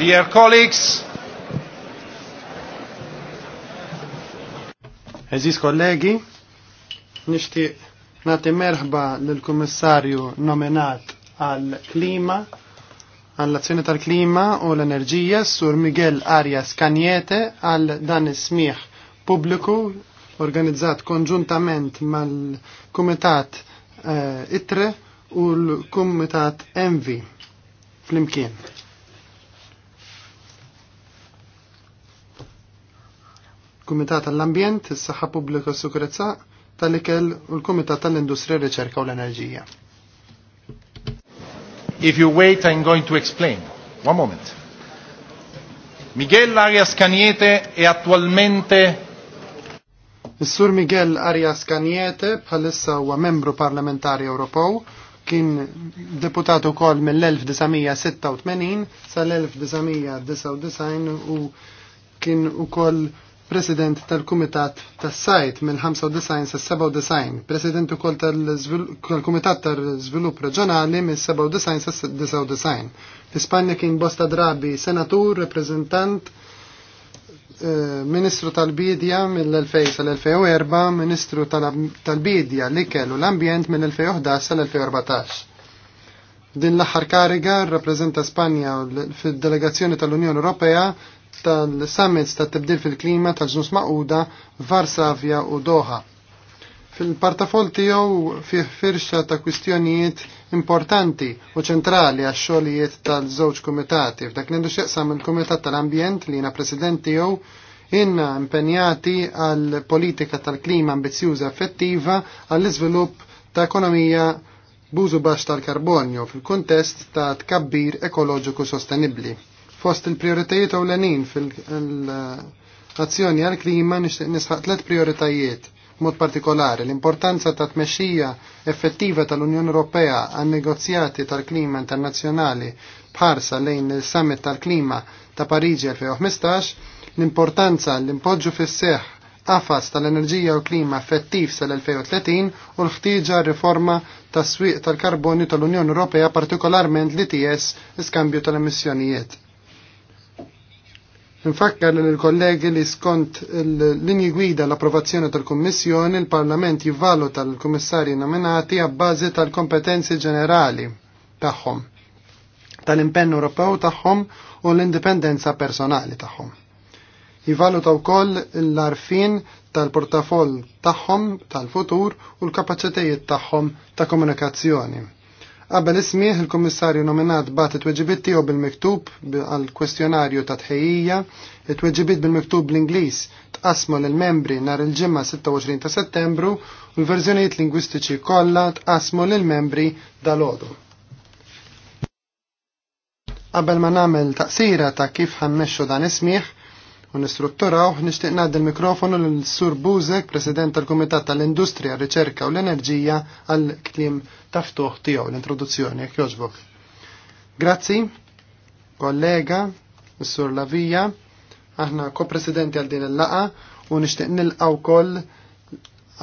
Dear colleagues, Eżis kollegi, nishti nati merħba l-Kummissarju nominat għal-klima, għall-azzjoni tal-klima u l-enerġija, Sur Miguel Arias Kanjete għal dan is-smieħ pubbliku organizzat konġuntament mal-Kumitat uh, ITRE u l-Kumitat ENVI flimkien. Kumitat tal-Ambjent, is-Saħħa Pubblika u Sikurezza tal-Ikel u l-Kumitat tal-Industrija, Riċerka u l-Enerġija. If you wait, I'm going to explain. One moment. Miguel Arias Caniete è attualmente il sur Miguel Arias Caniete bħalissa huwa membru parlamentari Ewropew kien deputat ukoll mill-1986 sal-1999 u kien ukoll President tal-Kumitat tas-Sajt mill-95 sa' 97, President ukoll tal-Kumitat tal-Żvilupp Reġjonali mill-97 sa' 99. Fl-Ispanja kien bosta drabi senatur, reprezentant, eh, Ministru tal-Bidja mill-2000 sal-2004, Ministru tal-Bidja li kellu l-Ambjent mill-2011 sal-2014. Din l-aħħar kariga rappresenta Spanja fid-delegazzjoni tal-Unjoni Ewropea tal-summits tal tibdil fil-klima tal-ġnus maquda Varsavja u Doha. Fil-partafol tiegħu fih firxa ta' kwistjonijiet importanti u ċentrali għax xogħlijiet tal-żewġ kumitati. F'dak li għandu x'jaqsam il-Kumitat tal-Ambjent li jiena President tiegħu inna impenjati għal politika tal-klima ambizjuza effettiva għall iżvilupp ta' ekonomija bużu baċ tal-karbonju fil-kuntest ta' tkabbir ekoloġiku sostenibbli. Fost il-prioritajiet ewlenin fil-azzjoni għal-klima nixtieq nisħaq tliet prioritajiet mod partikolari l-importanza ta' tmexxija effettiva tal-Unjoni Ewropea għan negozjati tal-klima internazzjonali bħarsa lejn il-Summit tal-Klima ta' Pariġi 2015, l-importanza l-impoġġu fis-seħ għafas tal-enerġija u klima effettiv sal-2030 u l-ħtieġa riforma tas swieq tal karboni tal-Unjoni Ewropea partikolarment l-ITS iskambju tal-emissjonijiet. Infakkar l-kollegi li skont l-linji gwida l-approvazzjoni tal-Kommissjoni, il-Parlament jivvaluta tal kummissarji nominati għabbażi tal-kompetenzi ġenerali tagħhom, tal-impenn Ewropew tagħhom u l-indipendenza personali tagħhom. Jivvaluta wkoll l-arfin tal-portafoll tagħhom tal-futur u l-kapaċitajiet tagħhom ta' komunikazzjoni Qabel ismieħ il-Kummissarju nominat bat it-tweġibit tiegħu bil-miktub għal kwestjonarju ta' tħejjija, it-tweġibit bil-miktub bl-Ingliż tqasmu lil membri nhar il-ġimgħa 26 ta' Settembru u l-verżjonijiet lingwistiċi kollha tqasmu lil membri dal-għodu. Qabel ma nagħmel taqsira ta' kif ħammexxu dan ismieħ, u nistrutturaw, nixtieq ngħaddi il mikrofonu l Sur Buzek, President tal-Kumitat tal-Industrija, Riċerka u l-Enerġija għal kliem taftuħ tiegħu l-introduzzjoni jekk jogħġbok. Grazzi, kollega, Sur Lavija, aħna ko-presidenti għal din il-laqa u nixtieq nilqaw koll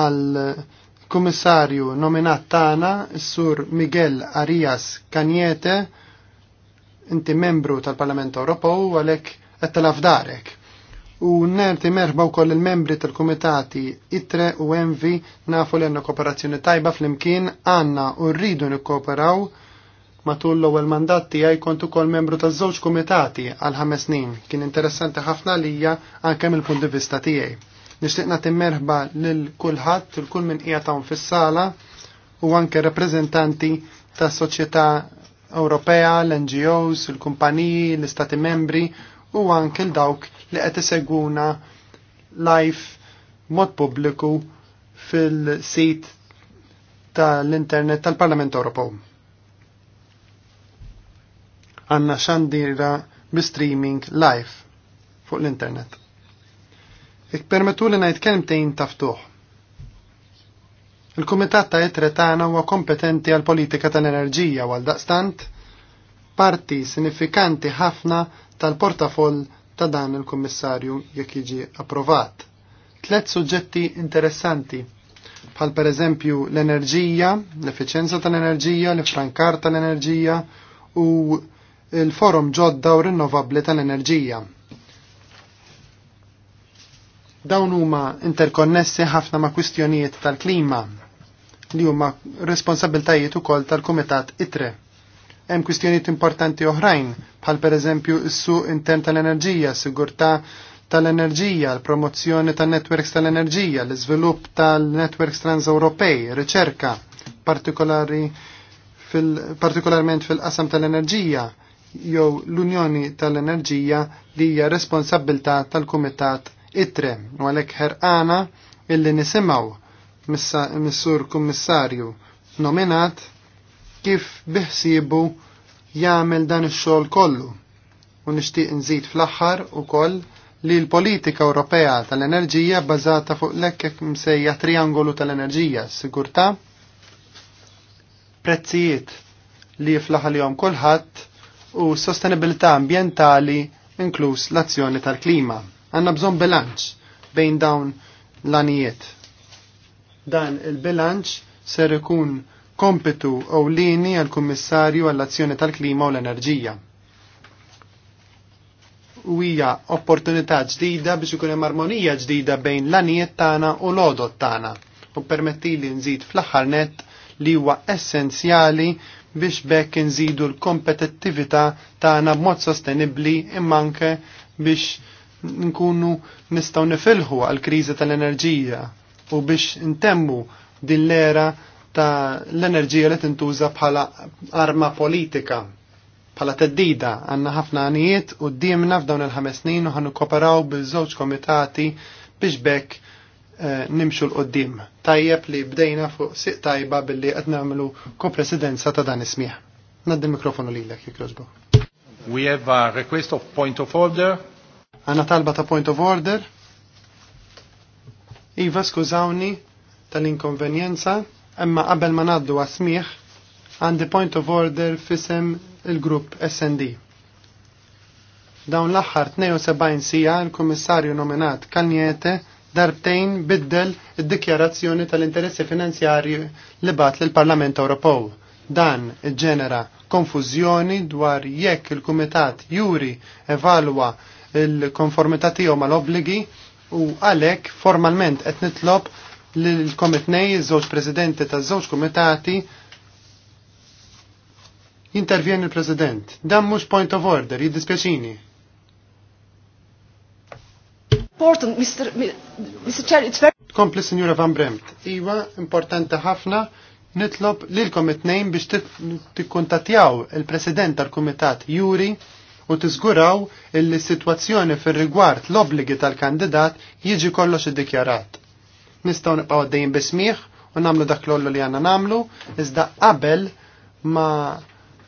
għal kummissarju nominat tagħna sur Miguel Arias Kanjete inti membru tal-Parlament Ewropew u għalhekk qed tal darek. U nerti merħba wkoll il-membri tal-kumitati ITRE u ENVI nafu li għandna kooperazzjoni tajba fl-imkien għanna u rridu nikkooperaw matul l-ewwel mandat tiegħi kont ukoll membru taż-żewġ kumitati għal ħames snin. Kien interessanti ħafna lija anke mill-punt di vista tiegħi. Nixtieq nagħti merħba lil kulħadd, il kull minn qiegħed hawn fis-sala u anke rappreżentanti tas-soċjetà Ewropea, l-NGOs, il-kumpaniji, l-istati membri u anke l-dawk li qed iseguna live mod pubbliku fil-sit tal-internet tal-Parlament Ewropew. Għanna xandira bi-streaming live fuq l-internet. Ikpermetu li najt kelmtejn taftuħ. Il-Kumitat ta' Itre tagħna huwa kompetenti għal politika tal-enerġija għal daqstant parti sinifikanti ħafna tal-portafoll ta' dan il-Kummissarju jekk jiġi approvat. Tlet suġġetti interessanti bħal per eżempju l-enerġija, l-efficienza tal-enerġija, l-frankar tal-enerġija u il-forum ġodda u rinnovabli tal-enerġija. Dawn huma interkonnessi ħafna ma' kwistjonijiet tal-klima li huma responsabiltajiet ukoll tal-Kumitat ITRE Hemm kwistjonijiet importanti oħrajn, bħal pereżempju s-suq intern tal-enerġija, sigurtà tal-enerġija, l-promozzjoni tan-netwerks tal-enerġija, l-iżvilupp tal-netwerks transewropej, riċerka, partikolari fil partikolarment fil-qasam tal-enerġija jew l-Unjoni tal-Enerġija li hija responsabilità tal-Kumitat ITRE u għalhekk ħerqana illi nisimgħu mis-sur kummissarju nominat kif biħsibu jagħmel dan ix-xogħol kollu. U nixtieq nżid fl-aħħar ukoll li l-politika Ewropea tal-enerġija bbażata fuq l-ekkek msejja triangolu tal-enerġija, sigurtà, prezzijiet li jiflaħalihom kulħadd u sostenibilità ambjentali inkluż l-azzjoni tal-klima. Għandna bżonn bilanċ bejn dawn l-anijiet. Dan il-bilanċ ser ikun kompetu ewlieni għal kummissarju għall-azzjoni tal-klima u l-enerġija. U hija opportunità ġdida biex ikun hemm armonija ġdida bejn l-anijiet tagħna u l-għodot tagħna u permettili nżid fl-aħħar net li huwa essenzjali biex bekk nżidu l-kompetittività tagħna b'mod sostenibbli imma anke biex nkunu nistgħu nifilħu għall kriżi tal-enerġija u biex ntemmu din l-era ta' l-enerġija li tintuża bħala arma politika bħala teddida għanna ħafna għanijiet u d-diemna f'dawn il-ħames snin u ħannu koperaw bil-żewġ komitati biex bekk eh, nimxu l-qoddim. Tajjeb li bdejna fuq siq tajba billi qed nagħmlu ko-presidenza ta' dan ismieħ. Naddi mikrofonu lilek ek jogħġbu. We have a request of point of order. Għanna talba ta' point of order. Iva, skużawni tal-inkonvenjenza Imma qabel ma naddu għasmiħ, għandi point of order fisem il-grupp SND. Dawn l-axħar 72 sija il-Kummissarju nominat Kalniete darbtejn biddel id-dikjarazzjoni tal-interessi finanzjarji li bat l-Parlament Ewropew. Dan ġenera konfużjoni dwar jekk il-Kumitat juri evalwa il-konformità tiegħu mal obligi u għalhekk formalment qed nitlob l-komitnej, il żewġ presidenti ta' żewġ komitati, jintervjen il-president. Dan mhux point of order, jiddispjaċini. Important, Mr. Mr. Chair, it's very... Kompli, Signora Van Bremt. Iwa, importanti ħafna, nitlob lilkom it-nejn biex tikkuntatjaw il-president tal-komitat Juri u tiżguraw il-situazzjoni fil-rigward l-obligi tal-kandidat jiġi kollox id-dikjarat nistgħu nibqgħu għaddejn bismiħ u nagħmlu dak lollu li għandna nagħmlu, iżda qabel ma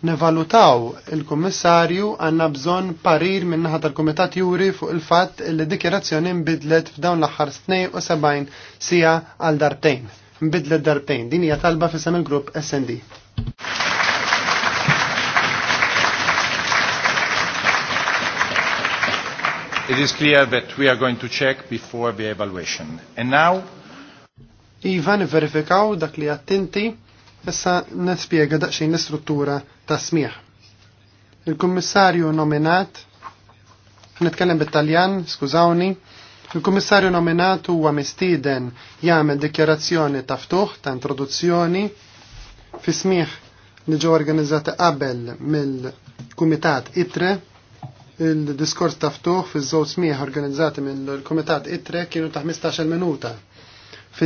nevalutaw il-Kummissarju għandna bżonn parir minnaħat naħa tal-Kumitat Juri fuq il-fatt li dikjerazzjoni nbidlet f'dawn l-aħħar 72 sija għal dartejn. Nbidlet dartejn, Din hija talba fisem il-grupp SD. It is clear that we are going to check before the evaluation. And now Iva niverifikaw dak li attinti, issa nespiega daqsxejn l-istruttura ta' smieħ. Il-kummissarju nominat, nitkellem bit-Taljan, skużawni, il-kummissarju nominat huwa mistieden jagħmel dikjarazzjoni ta' ftuħ ta' introduzzjoni fi smieħ li ġew organizzati qabel mill-Kumitat ITRE il-diskors ta' ftuħ fi żewġ smieħ organizzati mill-Kumitat ITRE kienu ta' 15-il minuta Fi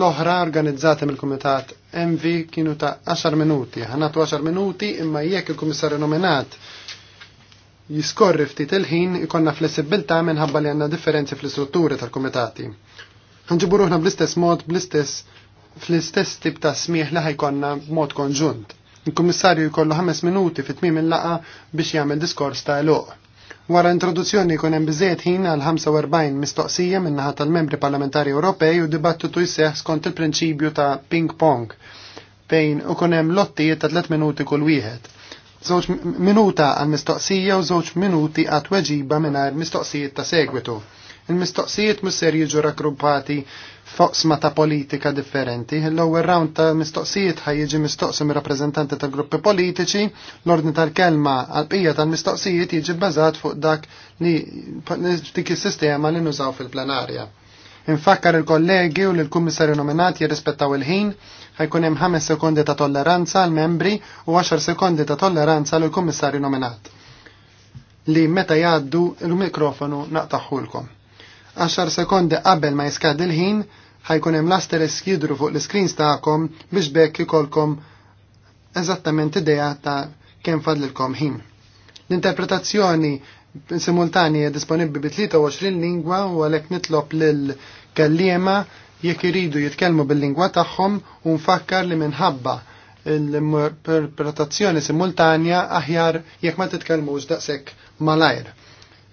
l-oħra organizzata mill-Kumitat MV kienu ta' 10 minuti. Ħanatu 10 minuti imma jekk il-Kummissarju nominat jiskorri ftit il-ħin ikonna flessibilta minħabba li għanna differenzi fl-istrutturi tal-komitati. Ħanġibu ruħna bl-istess mod, bl-istess fl-istess tip ta' smiħ li ħajkonna mod konġunt. Il-Kummissarju jkollu 5 minuti fit tmim il-laqa biex jagħmel diskors ta' eluq. Wara introduzzjoni jkun hemm biżejjed ħin għal 45 mistoqsija min-naħa tal-membri parlamentari Ewropej u dibattitu jseħħ skont il-prinċipju ta' ping pong fejn kun hemm lottijiet ta' 3 minuti kull wieħed. Żewġ minuta għal mistoqsija u żewġ minuti għat weġiba mingħajr mistoqsijiet ta' segwitu. Il-mistoqsijiet musser jiġu raggruppati foqsma ta' politika differenti. L-ewwel round ta' mistoqsijiet ħaj jiġi mistoqsi mir rappreżentanti ta' gruppi politiċi, l-ordni tal-kelma għal-qija tal-mistoqsijiet jiġi bbażat fuq dak li dik is-sistema li nużaw fil-plenarja. Infakkar il-kollegi u l-kummissarju nominat jirrispettaw il-ħin, ħajkun hemm 5 sekondi ta' tolleranza għal membri u 10 sekondi ta' tolleranza l kummissarju nominat. Li meta jgħaddu il-mikrofonu naqtaħħulkom. 10 sekondi qabel ma jiskad il-ħin ħajkun hemm l-asterisk jidru fuq l-screens tagħkom biex bekk ikolkom eżattament idea ta' kemm fadlilkom ħin. L-interpretazzjoni simultani hija disponibbli bi 23 lingwa u għalhekk nitlob lill kelliema jekk iridu jitkellmu bil-lingwa tagħhom u nfakkar li minħabba l-interpretazzjoni simultanja aħjar jekk ma titkellmux daqshekk malajr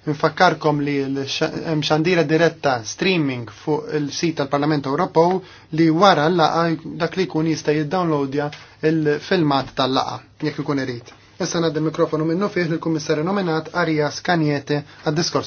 Nfakkarkom li hemm xandira diretta streaming fuq il-sit tal-Parlament Ewropew li wara l-laqa dak li jkun jista' jiddownloadja il-filmat tal-laqa jekk ikun irid. Issa il mikrofonu minnu fih lill-Kummissarju nominat Arias Kanjete għad-diskors